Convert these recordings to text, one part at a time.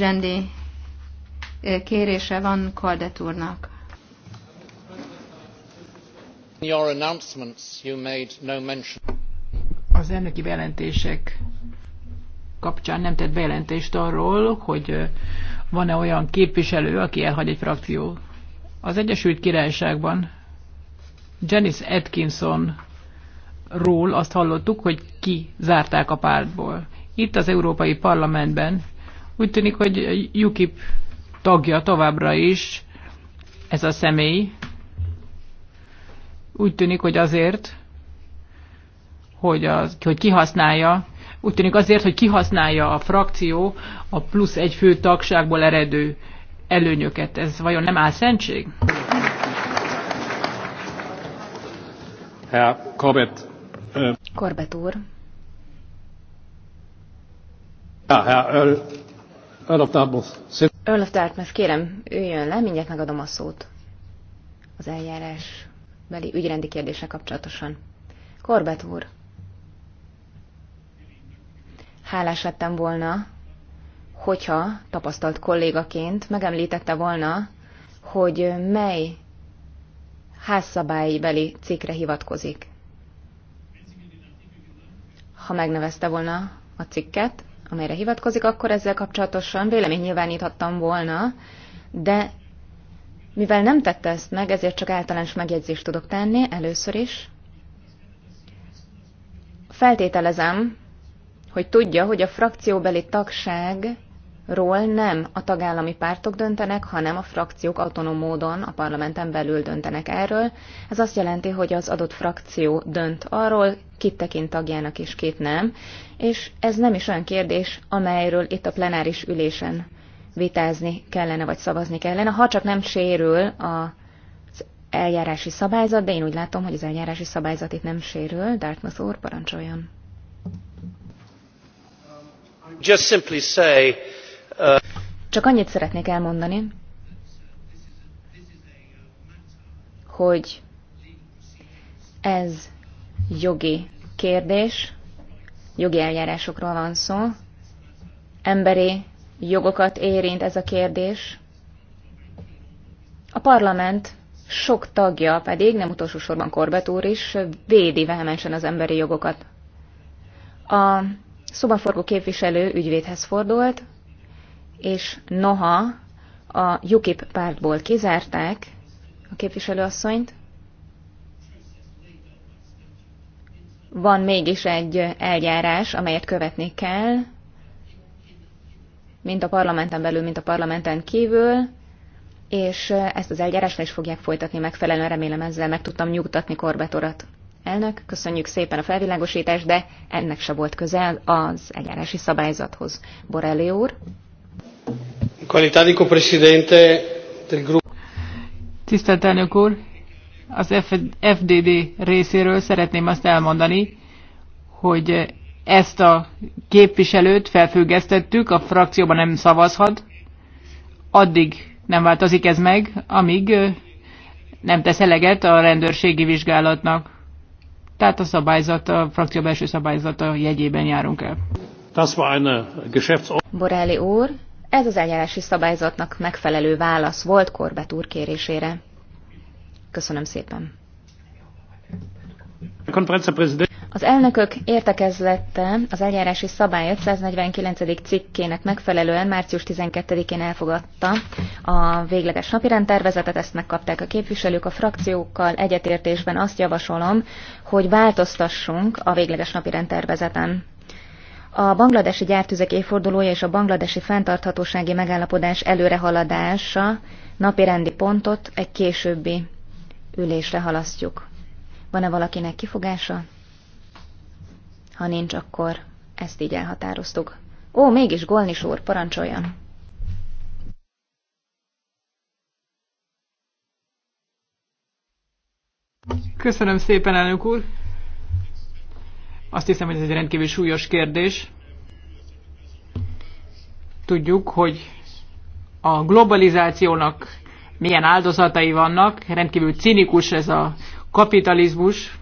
Jendi kérése van Kaldet úrnak. Az elnöki bejelentések kapcsán nem tett bejelentést arról, hogy van-e olyan képviselő, aki elhagy egy frakciót. Az Egyesült Királyságban Janice Atkinson ról azt hallottuk, hogy ki zárták a pártból. Itt az Európai Parlamentben úgy tűnik, hogy UKIP tagja továbbra is ez a személy. Úgy tűnik, hogy azért, hogy, az, hogy kihasználja, úgy tűnik azért, hogy kihasználja a frakció a plusz egy fő tagságból eredő előnyöket. Ez vajon nem áll szentség? Herr Corbett. Corbett úr. Ja, Herr Earl of Dartmouth. Earl of Dartmouth, kérem, üljön le, mindjárt megadom a szót. Az eljárás beli ügyrendi kérdése kapcsolatosan. Korbet úr. Hálás lettem volna, hogyha tapasztalt kollégaként megemlítette volna, hogy mely házszabályi beli cikkre hivatkozik. Ha megnevezte volna a cikket, amelyre hivatkozik, akkor ezzel kapcsolatosan vélemény nyilváníthattam volna, de mivel nem tette ezt meg, ezért csak általános megjegyzést tudok tenni először is. Feltételezem, hogy tudja, hogy a frakcióbeli tagság ról nem a tagállami pártok döntenek, hanem a frakciók autonóm módon a parlamenten belül döntenek erről. Ez azt jelenti, hogy az adott frakció dönt arról, kit tekint tagjának és kit nem, és ez nem is olyan kérdés, amelyről itt a plenáris ülésen vitázni kellene, vagy szavazni kellene, ha csak nem sérül a eljárási szabályzat, de én úgy látom, hogy az eljárási szabályzat itt nem sérül. Dartmouth úr, parancsoljon. Just simply say csak annyit szeretnék elmondani, hogy ez jogi kérdés, jogi eljárásokról van szó, emberi jogokat érint ez a kérdés. A parlament sok tagja pedig, nem utolsó sorban Korbet úr is, védi vehemensen az emberi jogokat. A szobaforgó képviselő ügyvédhez fordult, és noha a UKIP pártból kizárták a képviselőasszonyt, van mégis egy eljárás, amelyet követni kell, mint a parlamenten belül, mint a parlamenten kívül, és ezt az eljárást is fogják folytatni megfelelően, remélem ezzel meg tudtam nyugtatni Korbetorat. Elnök, köszönjük szépen a felvilágosítást, de ennek se volt közel az eljárási szabályzathoz. Borelli úr. Tisztelt elnök úr, az FDD részéről szeretném azt elmondani, hogy ezt a képviselőt felfüggesztettük, a frakcióban nem szavazhat, addig nem változik ez meg, amíg nem tesz eleget a rendőrségi vizsgálatnak. Tehát a szabályzat, a frakció belső szabályzata jegyében járunk el. Das war eine úr, ez az eljárási szabályzatnak megfelelő válasz volt Korbet úr kérésére. Köszönöm szépen. Az elnökök értekezlette az eljárási szabály 149. cikkének megfelelően március 12-én elfogadta a végleges napirendtervezetet, ezt megkapták a képviselők a frakciókkal egyetértésben azt javasolom, hogy változtassunk a végleges napirendtervezeten. A bangladesi gyártüzek évfordulója és a bangladesi fenntarthatósági megállapodás előrehaladása napirendi pontot egy későbbi ülésre halasztjuk. Van-e valakinek kifogása? Ha nincs, akkor ezt így elhatároztuk. Ó, mégis Golnis úr, parancsoljon! Köszönöm szépen, elnök úr! Azt hiszem, hogy ez egy rendkívül súlyos kérdés. Tudjuk, hogy a globalizációnak milyen áldozatai vannak, rendkívül cinikus ez a kapitalizmus,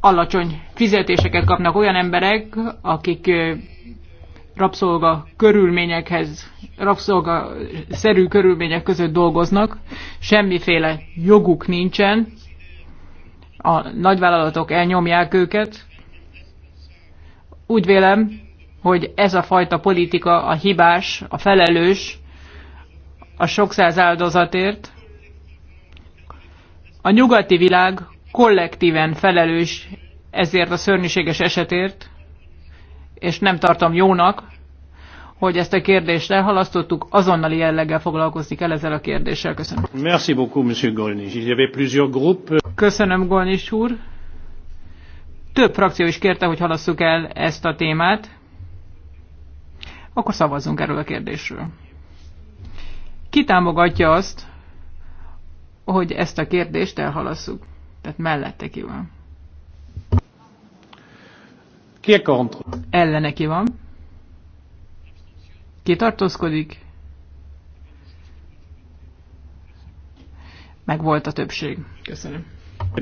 alacsony fizetéseket kapnak olyan emberek, akik rabszolga körülményekhez, rabszolga szerű körülmények között dolgoznak, semmiféle joguk nincsen, a nagyvállalatok elnyomják őket. Úgy vélem, hogy ez a fajta politika a hibás, a felelős, a sok száz áldozatért. A nyugati világ kollektíven felelős ezért a szörnyűséges esetért, és nem tartom jónak, hogy ezt a kérdést elhalasztottuk, azonnali jelleggel foglalkozni kell ezzel a kérdéssel. Köszönöm. Merci beaucoup, monsieur Il y avait plusieurs groupes. Köszönöm, Golnis úr. Több frakció is kérte, hogy halasszuk el ezt a témát. Akkor szavazzunk erről a kérdésről. Ki támogatja azt, hogy ezt a kérdést elhalasszuk? Tehát mellette ki van. Ki a kontra? Ellene ki van. Ki tartózkodik? Meg volt a többség. Köszönöm.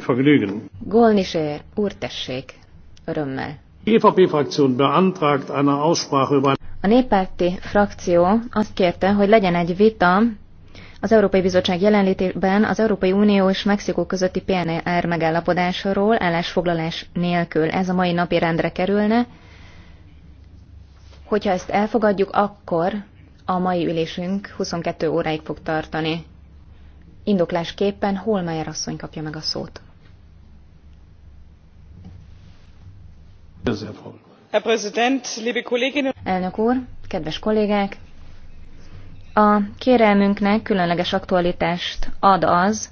Vergnügen. Golnische úr tessék, örömmel. EVP-Fraktion beantragt eine Aussprache über... A néppárti frakció azt kérte, hogy legyen egy vita az Európai Bizottság jelenlétében az Európai Unió és Mexikó közötti PNR megállapodásról állásfoglalás nélkül. Ez a mai napi rendre kerülne. Hogyha ezt elfogadjuk, akkor a mai ülésünk 22 óráig fog tartani. Indoklásképpen Holmeyer asszony kapja meg a szót. Elnök úr, kedves kollégák! A kérelmünknek különleges aktualitást ad az,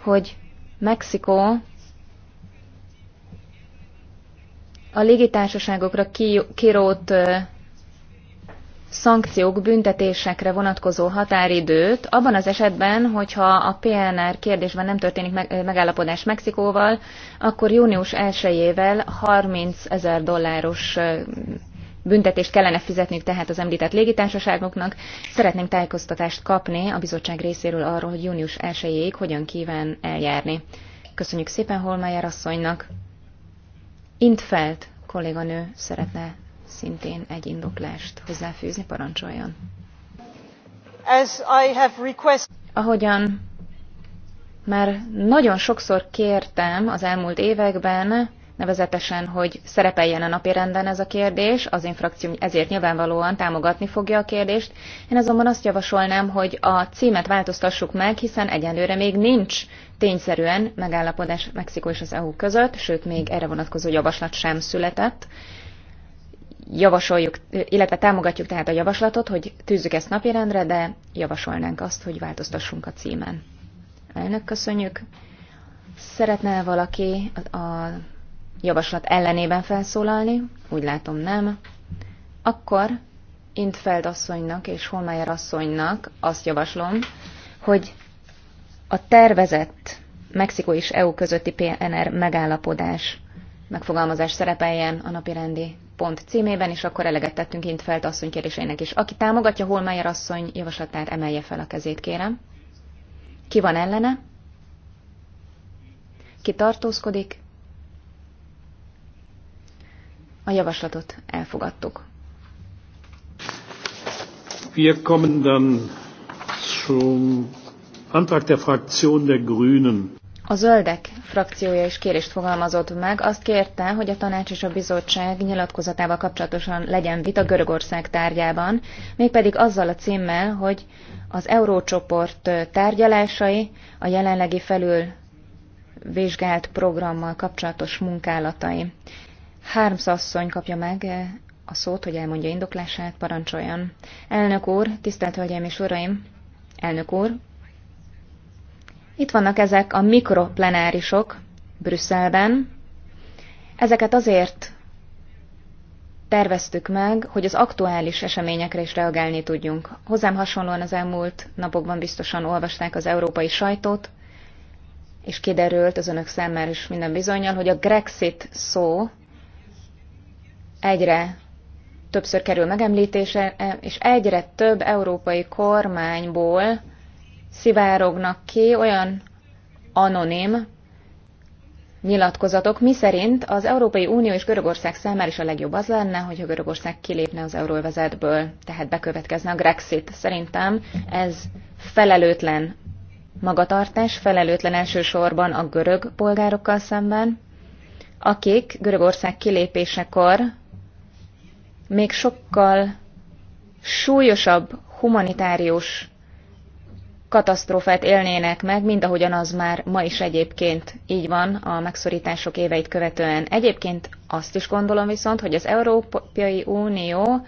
hogy Mexikó a légitársaságokra kírót szankciók, büntetésekre vonatkozó határidőt, abban az esetben, hogyha a PNR kérdésben nem történik megállapodás Mexikóval, akkor június 1-ével 30 ezer dolláros büntetést kellene fizetniük tehát az említett légitársaságoknak. Szeretnénk tájékoztatást kapni a bizottság részéről arról, hogy június 1-ig hogyan kíván eljárni. Köszönjük szépen Holmeyer asszonynak. Intfelt kolléganő szeretne szintén egy indoklást hozzáfűzni, parancsoljon. As I have request... Ahogyan már nagyon sokszor kértem az elmúlt években, nevezetesen, hogy szerepeljen a napirenden ez a kérdés, az én frakcióm ezért nyilvánvalóan támogatni fogja a kérdést. Én azonban azt javasolnám, hogy a címet változtassuk meg, hiszen egyenlőre még nincs tényszerűen megállapodás Mexikó és az EU között, sőt még erre vonatkozó javaslat sem született javasoljuk, illetve támogatjuk tehát a javaslatot, hogy tűzzük ezt napirendre, de javasolnánk azt, hogy változtassunk a címen. Elnök, köszönjük. Szeretne valaki a javaslat ellenében felszólalni? Úgy látom nem. Akkor Intfeld asszonynak és Holmeyer asszonynak azt javaslom, hogy a tervezett Mexikó és EU közötti PNR megállapodás megfogalmazás szerepeljen a napirendi pont címében, és akkor eleget tettünk felt asszony kérdéseinek is. Aki támogatja Holmeyer asszony javaslatát, emelje fel a kezét, kérem. Ki van ellene? Ki tartózkodik? A javaslatot elfogadtuk. Wir kommen dann zum Antrag der Fraktion der Grünen. A zöldek frakciója is kérést fogalmazott meg, azt kérte, hogy a tanács és a bizottság nyilatkozatával kapcsolatosan legyen vita Görögország tárgyában, mégpedig azzal a címmel, hogy az eurócsoport tárgyalásai a jelenlegi felül vizsgált programmal kapcsolatos munkálatai. Hárms asszony kapja meg a szót, hogy elmondja indoklását, parancsoljon. Elnök úr, tisztelt Hölgyeim és Uraim! Elnök úr, itt vannak ezek a mikroplenárisok Brüsszelben. Ezeket azért terveztük meg, hogy az aktuális eseményekre is reagálni tudjunk. Hozzám hasonlóan az elmúlt napokban biztosan olvasták az európai sajtót, és kiderült az önök számára is minden bizonyal, hogy a Grexit szó egyre többször kerül megemlítése, és egyre több európai kormányból szivárognak ki olyan anonim nyilatkozatok, szerint az Európai Unió és Görögország számára is a legjobb az lenne, hogyha Görögország kilépne az euróvezetből, tehát bekövetkezne a Grexit. Szerintem ez felelőtlen magatartás, felelőtlen elsősorban a görög polgárokkal szemben, akik Görögország kilépésekor még sokkal súlyosabb humanitárius katasztrófát élnének meg, mint ahogyan az már ma is egyébként így van a megszorítások éveit követően. Egyébként azt is gondolom viszont, hogy az Európai Unió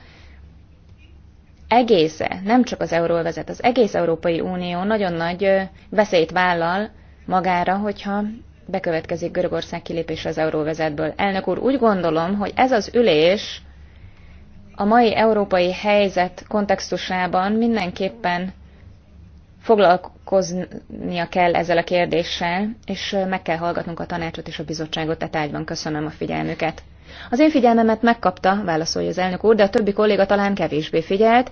egésze, nem csak az euróvezet, az egész Európai Unió nagyon nagy veszélyt vállal magára, hogyha bekövetkezik Görögország kilépése az euróvezetből. Elnök úr, úgy gondolom, hogy ez az ülés a mai európai helyzet kontextusában mindenképpen foglalkoznia kell ezzel a kérdéssel, és meg kell hallgatnunk a tanácsot és a bizottságot e tehát ágyban Köszönöm a figyelmüket. Az én figyelmemet megkapta, válaszolja az elnök úr, de a többi kolléga talán kevésbé figyelt.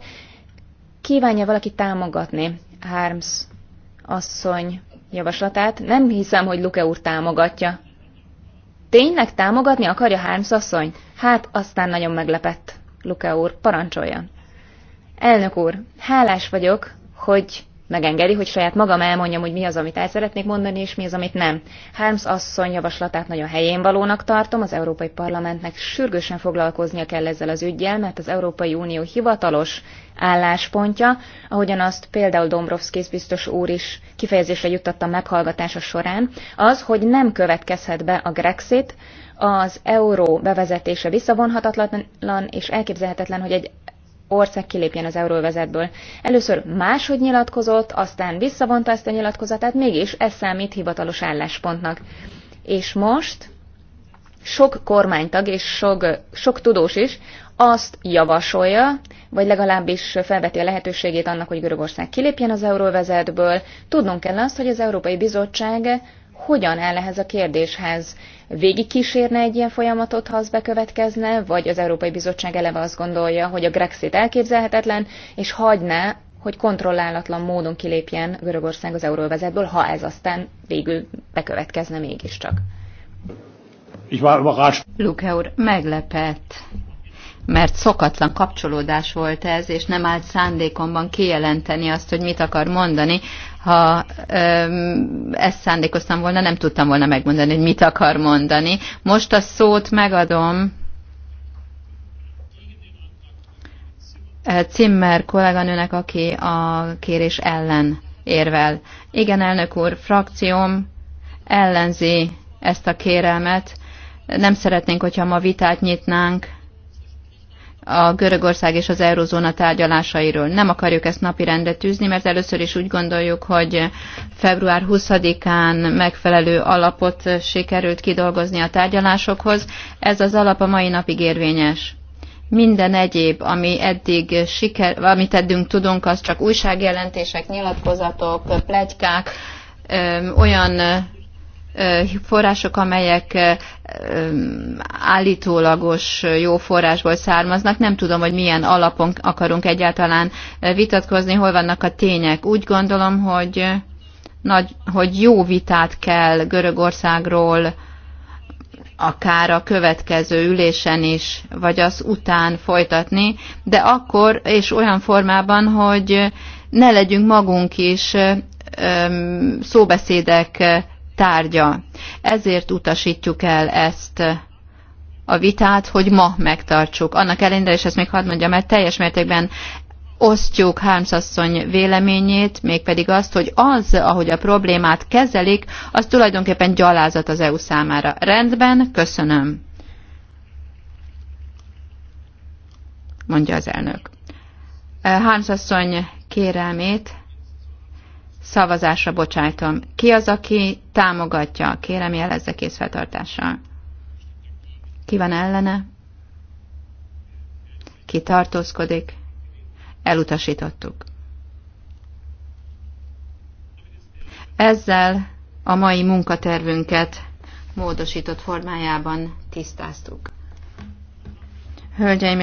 Kívánja valaki támogatni Harms asszony javaslatát? Nem hiszem, hogy Luke úr támogatja. Tényleg támogatni akarja Harms asszony? Hát aztán nagyon meglepett. Luke úr, parancsoljon. Elnök úr, hálás vagyok, hogy megengedi, hogy saját magam elmondjam, hogy mi az, amit el szeretnék mondani, és mi az, amit nem. Helms asszony javaslatát nagyon helyén valónak tartom, az Európai Parlamentnek sürgősen foglalkoznia kell ezzel az ügyjel, mert az Európai Unió hivatalos álláspontja, ahogyan azt például Dombrovskis biztos úr is kifejezésre juttatta meghallgatása során, az, hogy nem következhet be a Grexit, az euró bevezetése visszavonhatatlan, és elképzelhetetlen, hogy egy ország kilépjen az euróvezetből. Először máshogy nyilatkozott, aztán visszavonta ezt a nyilatkozatát, mégis ez számít hivatalos álláspontnak. És most sok kormánytag és sok, sok tudós is azt javasolja, vagy legalábbis felveti a lehetőségét annak, hogy Görögország kilépjen az euróvezetből. Tudnunk kell azt, hogy az Európai Bizottság hogyan áll ehhez a kérdéshez? Végig kísérne egy ilyen folyamatot, ha az bekövetkezne, vagy az Európai Bizottság eleve azt gondolja, hogy a Grexit elképzelhetetlen, és hagyná, hogy kontrollálatlan módon kilépjen Görögország az euróvezetből, ha ez aztán végül bekövetkezne mégiscsak. Luke úr, meglepett mert szokatlan kapcsolódás volt ez, és nem állt szándékomban kijelenteni azt, hogy mit akar mondani ha öm, ezt szándékoztam volna, nem tudtam volna megmondani, hogy mit akar mondani. Most a szót megadom Cimmer eh, kolléganőnek, aki a kérés ellen érvel. Igen, elnök úr, frakcióm ellenzi ezt a kérelmet. Nem szeretnénk, hogyha ma vitát nyitnánk a Görögország és az Eurózóna tárgyalásairól. Nem akarjuk ezt napi rendre tűzni, mert először is úgy gondoljuk, hogy február 20-án megfelelő alapot sikerült kidolgozni a tárgyalásokhoz. Ez az alap a mai napig érvényes. Minden egyéb, ami eddig siker, amit eddig tudunk, az csak újságjelentések, nyilatkozatok, plegykák, olyan források, amelyek állítólagos jó forrásból származnak. Nem tudom, hogy milyen alapon akarunk egyáltalán vitatkozni, hol vannak a tények. Úgy gondolom, hogy, nagy, hogy jó vitát kell Görögországról akár a következő ülésen is, vagy az után folytatni, de akkor és olyan formában, hogy ne legyünk magunk is szóbeszédek tárgya. Ezért utasítjuk el ezt a vitát, hogy ma megtartsuk. Annak ellenére, és ezt még hadd mondjam, mert teljes mértékben osztjuk Hámszasszony véleményét, mégpedig azt, hogy az, ahogy a problémát kezelik, az tulajdonképpen gyalázat az EU számára. Rendben, köszönöm. Mondja az elnök. Hámszasszony kérelmét Szavazásra bocsájtom. Ki az, aki támogatja? Kérem jelezze készfeltartással. Ki van ellene? Ki tartózkodik? Elutasítottuk. Ezzel a mai munkatervünket módosított formájában tisztáztuk. Hölgyeim